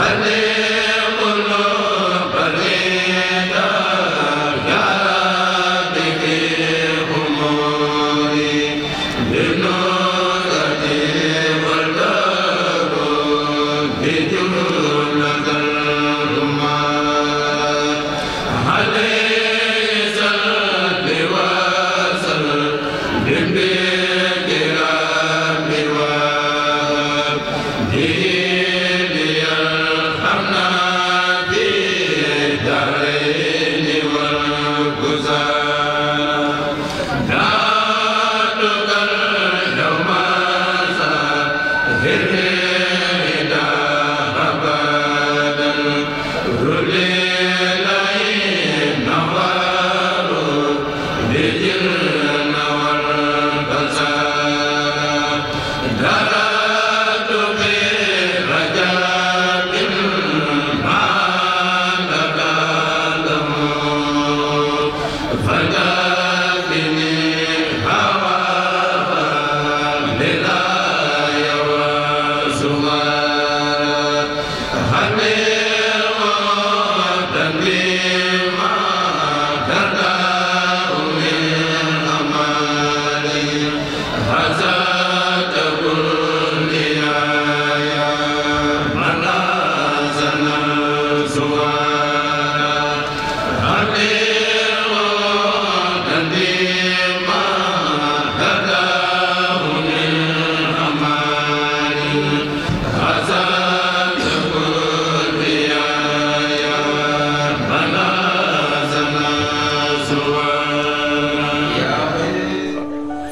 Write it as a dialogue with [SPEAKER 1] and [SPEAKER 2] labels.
[SPEAKER 1] Amen Amen.